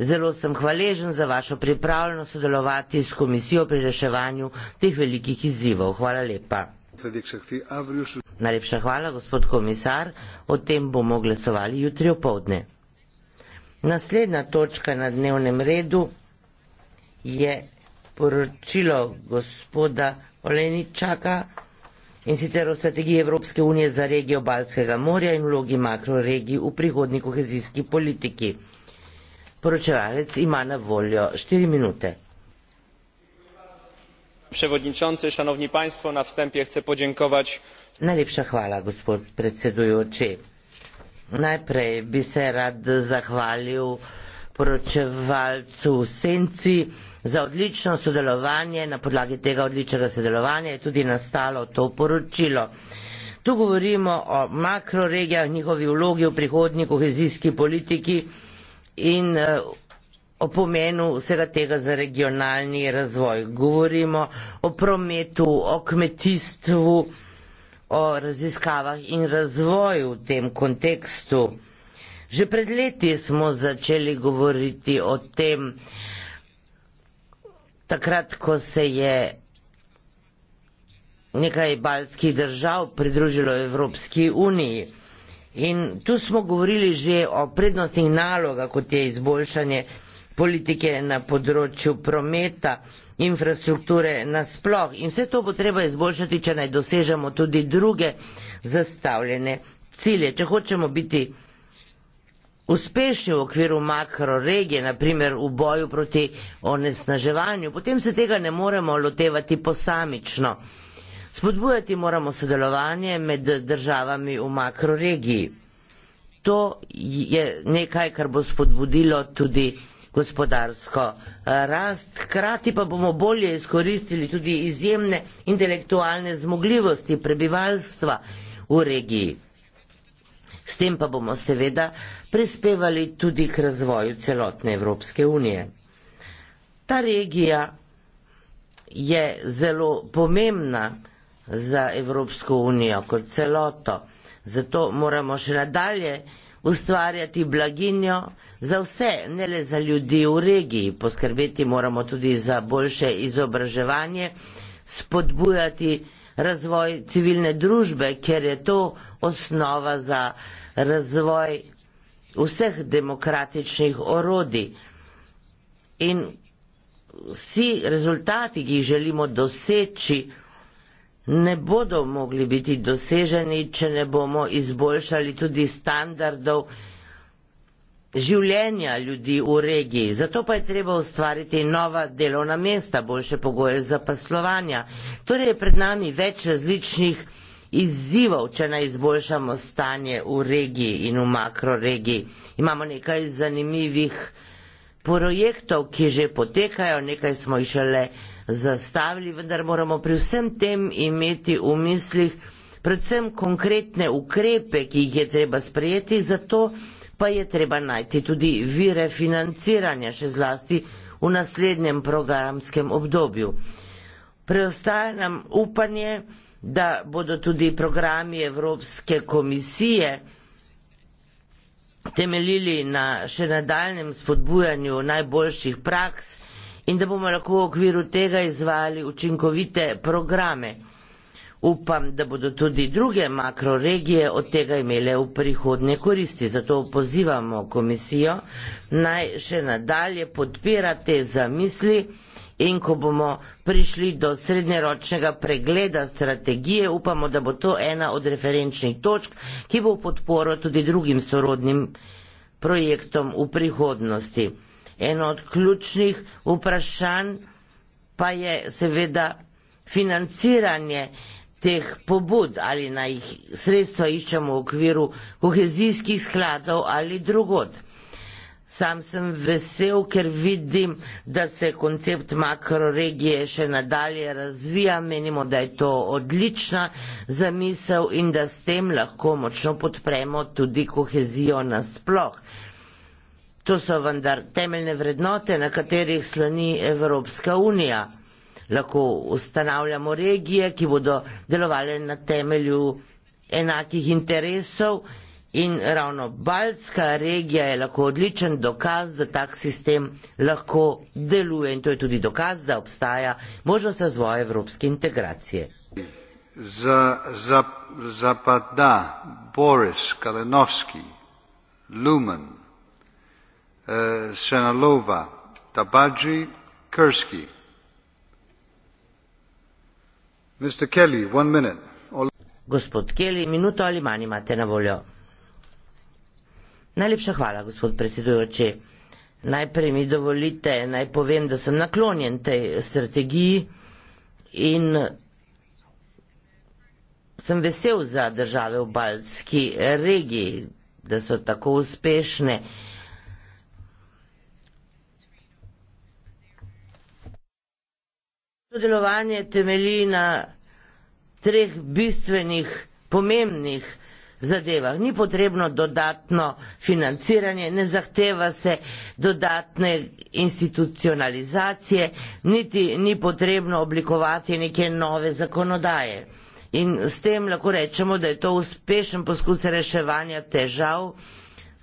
Zelo sem hvaležen za vašo pripravljeno sodelovati s komisijo pri reševanju teh velikih izzivov. Hvala lepa. Najlepša hvala, gospod komisar. O tem bomo glasovali jutri o povdne. Naslednja točka na dnevnem redu je poročilo gospoda Oleničaka in sicer o strategiji Evropske unije za regijo Balskega morja in vlogi makroregij v prihodni kohezijski politiki. Poročevalec ima na voljo štiri minute. Przewodniczący, Szanowni Państwo, na wstępie chcę podziękować. Najlepsza chwała, gospod przewodniczący. Najpierw by się rad zachwalił poroczewalcu Sencji za odliczne sodelowanie. Na podlagi tego odlicznego sodelowania tudi nastalo to poruczilo. Tu mówimy o makroregiach, ich ulogi w przychodni kohezyjskiej polityki in eh, o pomenu vsega tega za regionalni razvoj. Govorimo o prometu, o kmetijstvu, o raziskavah in razvoju v tem kontekstu. Že pred leti smo začeli govoriti o tem, takrat, ko se je nekaj baljskih držav pridružilo Evropski uniji. In tu smo govorili že o prednostnih nalogah, kot je izboljšanje politike na področju prometa, infrastrukture nasploh. In vse to bo treba izboljšati, če naj dosežemo tudi druge zastavljene cilje. Če hočemo biti uspešni v okviru makroregije, naprimer v boju proti onesnaževanju, potem se tega ne moremo lotevati posamično. Spodbujati moramo sodelovanje med državami v makroregiji. To je nekaj, kar bo spodbudilo tudi gospodarsko eh, rast, hkrati pa bomo bolje izkoristili tudi izjemne intelektualne zmogljivosti prebivalstva v regiji. S tem pa bomo seveda prispevali tudi k razvoju celotne Evropske unije. Ta regija je zelo pomembna, za Evropsko unijo kot celoto. Zato moramo še nadalje ustvarjati blaginjo za vse, ne le za ljudi v regiji. Poskrbeti moramo tudi za boljše izobraževanje, spodbujati razvoj civilne družbe, ker je to osnova za razvoj vseh demokratičnih orodij. In vsi rezultati, ki jih želimo doseči, ne bodo mogli biti doseženi, če ne bomo izboljšali tudi standardov življenja ljudi v regiji. Zato pa je treba ustvariti nova delovna mesta, boljše pogoje za poslovanja. Torej je pred nami več različnih izzivov, če naj izboljšamo stanje v regiji in v makroregiji. Imamo nekaj zanimivih projektov, ki že potekajo, nekaj smo jih šele zastavili, vendar moramo pri vsem tem imeti v mislih predvsem konkretne ukrepe, ki jih je treba sprejeti, zato pa je treba najti tudi vire financiranja, še zlasti v naslednjem programskem obdobju. Preostaje nam upanje, da bodo tudi programi Evropske komisije temeljili na še nadaljem spodbujanju najboljših praks, in da bomo lahko v okviru tega izvali učinkovite programe. Upam, da bodo tudi druge makroregije od tega imele v prihodnje koristi. Zato pozivamo komisijo naj še nadalje podpira te zamisli in ko bomo prišli do srednjeročnega pregleda strategije, upamo, da bo to ena od referenčnih točk, ki bo podporo tudi drugim sorodnim projektom v prihodnosti eno od ključnih vprašanj pa je seveda financiranje teh pobud ali naj jih sredstva iščemo v okviru kohezijskih skladov ali drugod. Sam sem vesel, ker vidim, da se koncept makroregije še nadalje razvija. Menimo, da je to odlična zamisel in da s tem lahko močno podpremo tudi kohezijo nasploh. To so vendar temeljne vrednote, na katerih slani Evropska unija. Lahko ustanavljamo regije, ki bodo delovali na temelju enakih interesov in ravno Baltska regija je lahko odličen dokaz, da tak sistem lahko deluje in to je tudi dokaz, da obstaja možnost razvoja evropske integracije. Za zapada za Boris Kalinovski, Lumen, uh, Senalova, Tabaji, Kursky. Mr. Kelly, one minute. All... Gospod Kelly, minuto ali manj imate na voljo. Najlepša hvala, gospod predsedujoči. Najprej mi dovolite, naj povem, da sem naklonjen tej strategiji in sem vesel za države v Baljski regiji, da so tako uspešne. Uh, Sodelovanje temelji na treh bistvenih, pomembnih zadevah. Ni potrebno dodatno financiranje, ne zahteva se dodatne institucionalizacije, niti ni potrebno oblikovati neke nove zakonodaje. In s tem lahko rečemo, da je to uspešen poskus reševanja težav,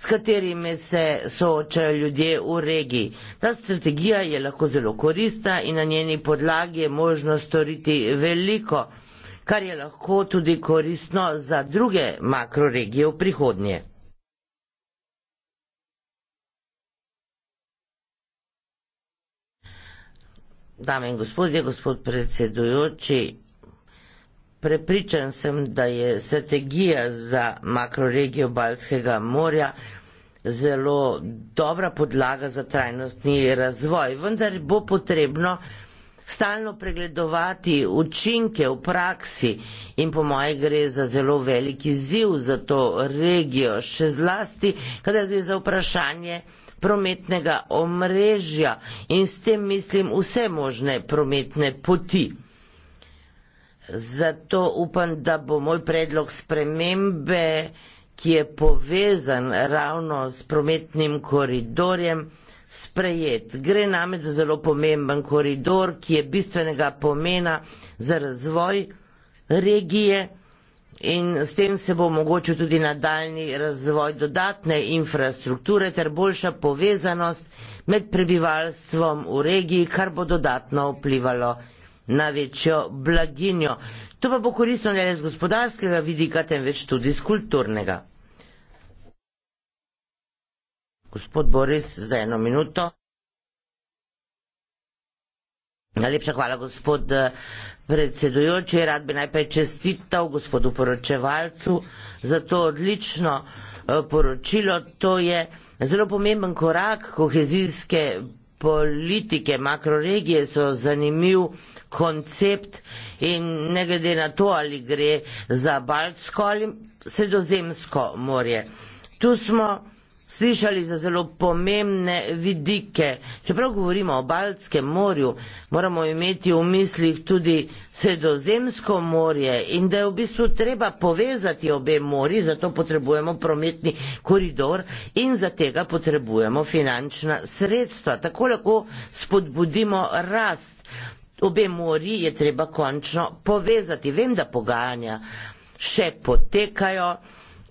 s katerimi se soočajo ljudje v regiji. Ta strategija je lahko zelo korista in na njeni podlagi je možno storiti veliko, kar je lahko tudi koristno za druge makroregije v prihodnje. Dame in gospodje, gospod predsedujoči, Prepričan sem, da je strategija za makroregijo Balskega morja zelo dobra podlaga za trajnostni razvoj, vendar bo potrebno stalno pregledovati učinke v praksi in po moje gre za zelo veliki ziv za to regijo, še zlasti, kadar gre za vprašanje prometnega omrežja in s tem mislim vse možne prometne poti. Zato upam, da bo moj predlog spremembe, ki je povezan ravno s prometnim koridorjem, sprejet. Gre namreč za zelo pomemben koridor, ki je bistvenega pomena za razvoj regije in s tem se bo omogočil tudi nadaljni razvoj dodatne infrastrukture ter boljša povezanost med prebivalstvom v regiji, kar bo dodatno vplivalo največjo blaginjo. To pa bo koristno ne le z gospodarskega vidika, temveč tudi z kulturnega. Gospod Boris, za eno minuto. Najlepša hvala, gospod eh, predsedujoči. Rad bi najprej čestital gospodu poročevalcu za to odlično eh, poročilo. To je zelo pomemben korak kohezijske politike makroregije so zanimiv koncept in ne glede na to, ali gre za Baltsko ali Sredozemsko morje. Tu smo slišali za zelo pomembne vidike. Čeprav govorimo o Baltskem morju, moramo imeti v mislih tudi Sredozemsko morje in da je v bistvu treba povezati obe mori, zato potrebujemo prometni koridor in za tega potrebujemo finančna sredstva. Tako lahko spodbudimo rast. Obe mori je treba končno povezati. Vem, da pogajanja še potekajo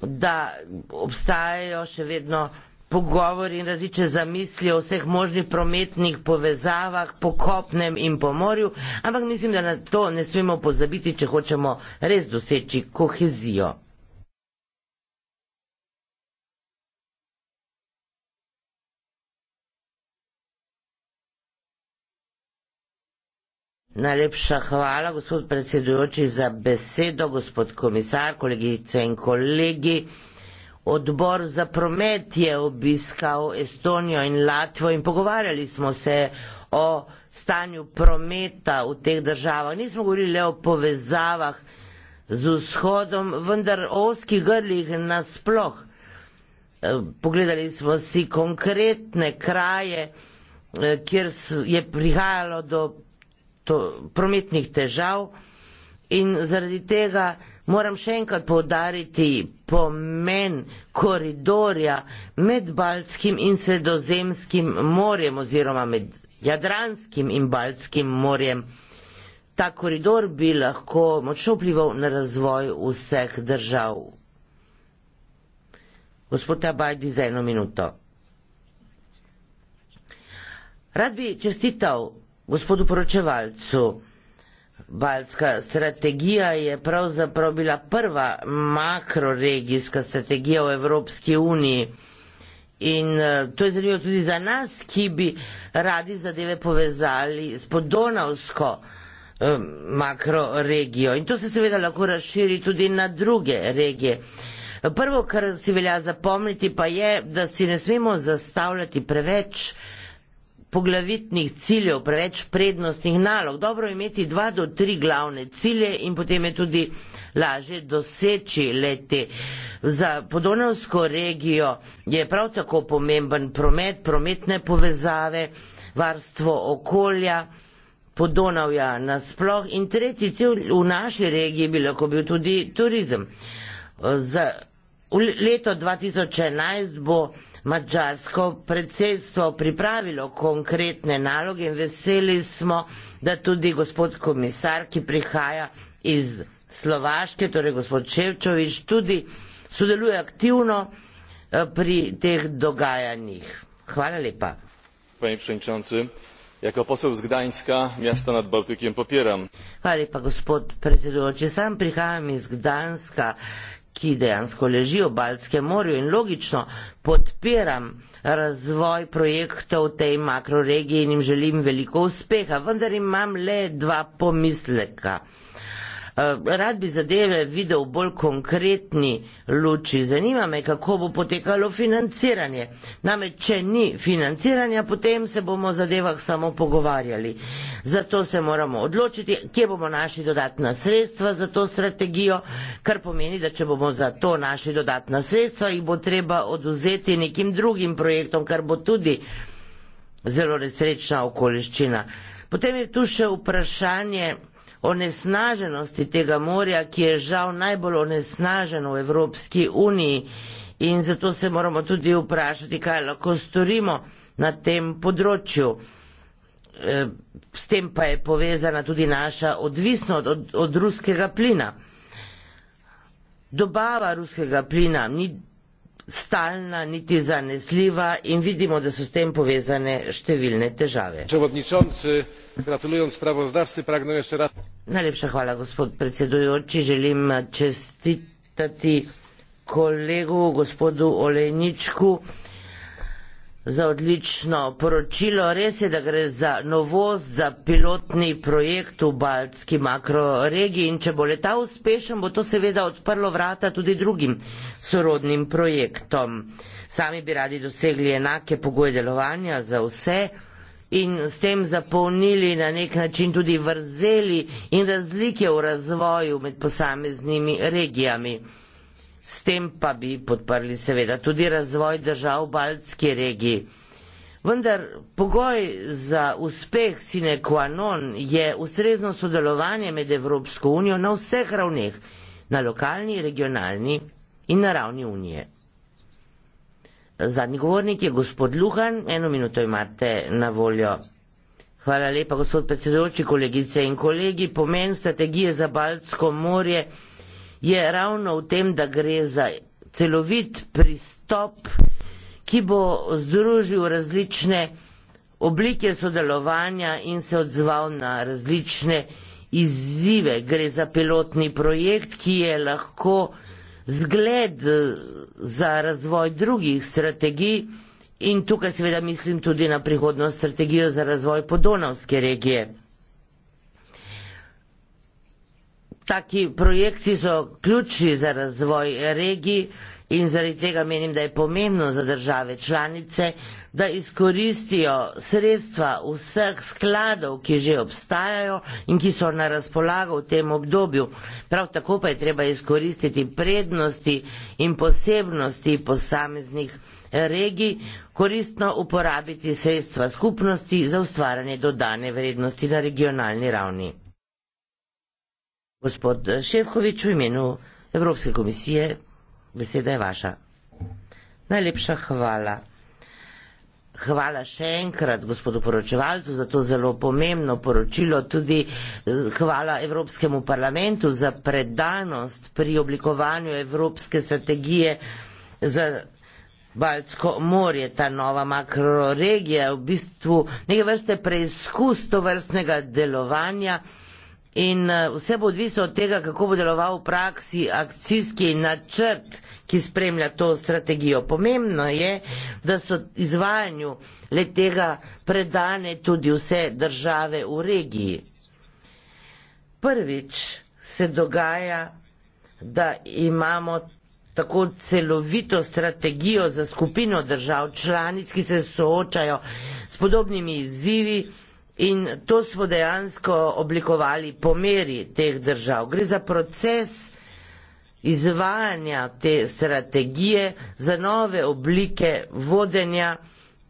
da obstajajo še vedno pogovori in različne zamisli o vseh možnih prometnih povezavah po kopnem in po morju, ampak mislim, da na to ne smemo pozabiti, če hočemo res doseči kohezijo. Najlepša hvala, gospod predsedujoči, za besedo, gospod komisar, kolegice in kolegi. Odbor za promet je obiskal Estonijo in Latvijo in pogovarjali smo se o stanju prometa v teh državah. Nismo govorili le o povezavah z vzhodom, vendar o oskih grlih nasploh. E, pogledali smo si konkretne kraje, e, kjer je prihajalo do to, prometnih težav in zaradi tega moram še enkrat povdariti pomen koridorja med Baltskim in Sredozemskim morjem oziroma med Jadranskim in Baltskim morjem. Ta koridor bi lahko močno vplival na razvoj vseh držav. Gospod Abajdi, za eno minuto. Rad bi čestital Gospodu poročevalcu, balska strategija je pravzaprav bila prva makroregijska strategija v Evropski uniji. In eh, to je zanimivo tudi za nas, ki bi radi zadeve povezali s podonavsko eh, makroregijo. In to se seveda lahko razširi tudi na druge regije. Prvo, kar si velja zapomniti, pa je, da si ne smemo zastavljati preveč poglavitnih ciljev, preveč prednostnih nalog. Dobro je imeti dva do tri glavne cilje in potem je tudi lažje doseči leti. Za podonavsko regijo je prav tako pomemben promet, prometne povezave, varstvo okolja, podonavja nasploh in tretji cilj v naši regiji bi lahko bil tudi turizem. Za V leto 2011 bo mačarsko predsedstvo pripravilo konkretne naloge in veseli smo, da tudi gospod komisar, ki prihaja iz Slovaške, torej gospod Ševčovič, tudi sodeluje aktivno eh, pri teh dogajanjih. Hvala lepa. Panie przewodniczący, jako poseł z Gdańska, miasta nad Bałtykiem, popieram. Hvala lepa, gospod predsedujoči. Sam prihajam iz Gdańska, ki dejansko leži v Baltskem morju in logično podpiram razvoj projektov v tej makroregiji in jim želim veliko uspeha, vendar imam le dva pomisleka. Eh, rad bi zadeve videl bolj konkretni luči. Zanima me, kako bo potekalo financiranje. Namreč, če ni financiranja, potem se bomo o zadevah samo pogovarjali. Zato se moramo odločiti, kje bomo našli dodatna sredstva za to strategijo, kar pomeni, da če bomo za to našli dodatna sredstva, jih bo treba oduzeti nekim drugim projektom, kar bo tudi zelo nesrečna okoliščina. Potem je tu še vprašanje, onesnaženosti tega morja, ki je žal najbolj onesnaženo v Evropski uniji in zato se moramo tudi vprašati, kaj lahko storimo na tem področju. E, s tem pa je povezana tudi naša odvisnost od, od, od ruskega plina. Dobava ruskega plina ni stalna niti zanesljiva in vidimo da so s tem povezane številne težave. najlepša hvala gospod predsedujoči želim čestitati kolegu gospodu olejničku za odlično poročilo. Res je, da gre za novost, za pilotni projekt v Baltski makroregiji in če bo leta uspešen, bo to seveda odprlo vrata tudi drugim sorodnim projektom. Sami bi radi dosegli enake pogoje delovanja za vse in s tem zapolnili na nek način tudi vrzeli in razlike v razvoju med posameznimi regijami. S tem pa bi podprli seveda tudi razvoj držav v Baltski regiji. Vendar pogoj za uspeh sine qua non je ustrezno sodelovanje med Evropsko unijo na vseh ravneh, na lokalni, regionalni in na ravni unije. Zadnji govornik je gospod Luhan, eno minuto imate na voljo. Hvala lepa, gospod predsedujoči, kolegice in kolegi. Pomen strategije za Baltsko morje je ravno v tem, da gre za celovit pristop, ki bo združil različne oblike sodelovanja in se odzval na različne izzive. Gre za pilotni projekt, ki je lahko zgled za razvoj drugih strategij in tukaj seveda mislim tudi na prihodno strategijo za razvoj podonavske regije. Taki projekti so ključni za razvoj regij in zaradi tega menim, da je pomembno za države članice, da izkoristijo sredstva vseh skladov, ki že obstajajo in ki so na razpolago v tem obdobju. Prav tako pa je treba izkoristiti prednosti in posebnosti posameznih regij, koristno uporabiti sredstva skupnosti za ustvarjanje dodane vrednosti na regionalni ravni. Gospod Ševkovič, v imenu Evropske komisije, beseda je vaša. Najlepša hvala. Hvala še enkrat gospodu poročevalcu za to zelo pomembno poročilo. Tudi eh, hvala Evropskemu parlamentu za predanost pri oblikovanju Evropske strategije za Baltsko morje. Ta nova makroregija je v bistvu nekaj vrste preizkus to vrstnega delovanja. In eh, vse bo odvisno od tega, kako bo deloval v praksi akcijski načrt, ki spremlja to strategijo. Pomembno je, da so izvajanju le tega predane tudi vse države v regiji. Prvič se dogaja, da imamo tako celovito strategijo za skupino držav članic, ki se soočajo s podobnimi izzivi. In to smo dejansko oblikovali po meri teh držav. Gre za proces izvajanja te strategije, za nove oblike vodenja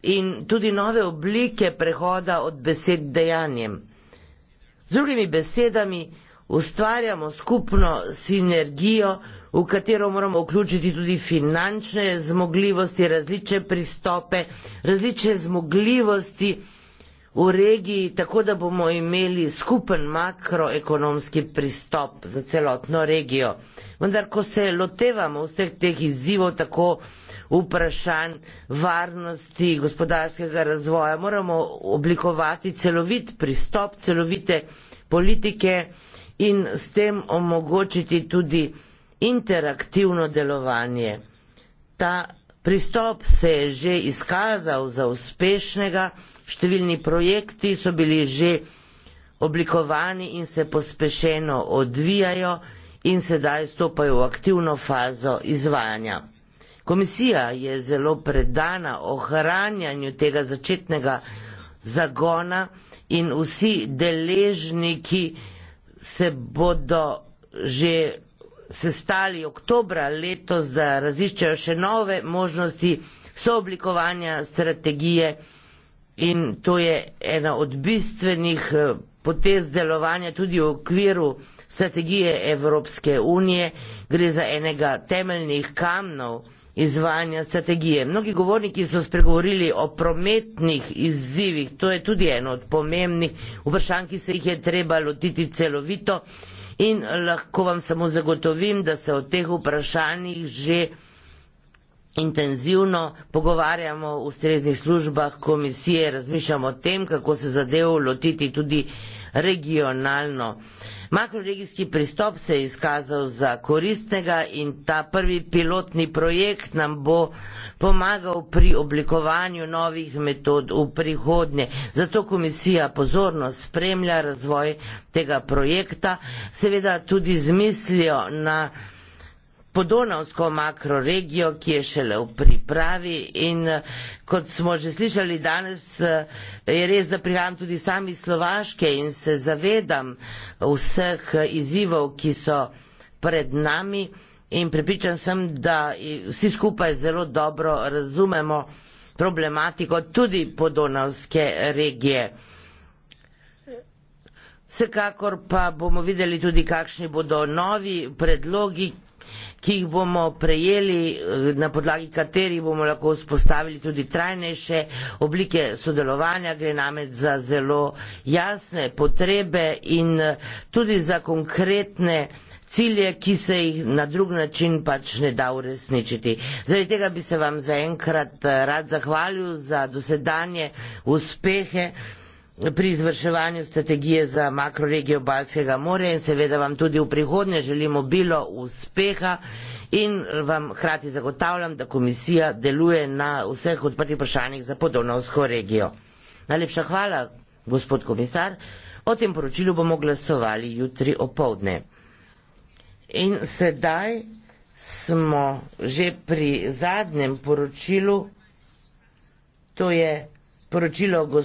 in tudi nove oblike prehoda od besed dejanjem. Z drugimi besedami ustvarjamo skupno sinergijo, v katero moramo vključiti tudi finančne zmogljivosti, različne pristope, različne zmogljivosti, v regiji, tako da bomo imeli skupen makroekonomski pristop za celotno regijo. Vendar, ko se lotevamo vseh teh izzivov, tako vprašanj varnosti, gospodarskega razvoja, moramo oblikovati celovit pristop, celovite politike in s tem omogočiti tudi interaktivno delovanje. Ta pristop se je že izkazal za uspešnega, Številni projekti so bili že oblikovani in se pospešeno odvijajo in sedaj stopajo v aktivno fazo izvajanja. Komisija je zelo predana ohranjanju tega začetnega zagona in vsi deležniki se bodo že sestali oktobra letos, da raziščajo še nove možnosti sooblikovanja strategije in to je ena od bistvenih eh, potez delovanja tudi v okviru strategije Evropske unije, gre za enega temeljnih kamnov izvajanja strategije. Mnogi govorniki so spregovorili o prometnih izzivih, to je tudi eno od pomembnih vprašanj, ki se jih je treba lotiti celovito in lahko vam samo zagotovim, da se o teh vprašanjih že intenzivno pogovarjamo v streznih službah komisije, razmišljamo o tem, kako se zadev lotiti tudi regionalno. Makroregijski pristop se je izkazal za koristnega in ta prvi pilotni projekt nam bo pomagal pri oblikovanju novih metod v prihodnje. Zato komisija pozorno spremlja razvoj tega projekta, seveda tudi z mislijo na podonavsko makroregijo, ki je šele v pripravi in eh, kot smo že slišali danes, eh, je res, da prihajam tudi sami Slovaške in se zavedam vseh izzivov, ki so pred nami in pripričan sem, da vsi skupaj zelo dobro razumemo problematiko tudi podonavske regije. Vsekakor pa bomo videli tudi, kakšni bodo novi predlogi, ki jih bomo prejeli, eh, na podlagi katerih bomo lahko vzpostavili tudi trajnejše oblike sodelovanja, gre namreč za zelo jasne potrebe in eh, tudi za konkretne cilje, ki se jih na drug način pač ne da uresničiti. Zaradi tega bi se vam zaenkrat eh, rad zahvalil za dosedanje uspehe pri izvrševanju strategije za makroregijo Balskega morja in seveda vam tudi v prihodnje želimo bilo uspeha in vam hkrati zagotavljam, da komisija deluje na vseh odprtih vprašanjih za podonovsko regijo. Najlepša hvala, gospod komisar. O tem poročilu bomo glasovali jutri opovdne. In sedaj smo že pri zadnjem poročilu, to je poročilo gospodinu.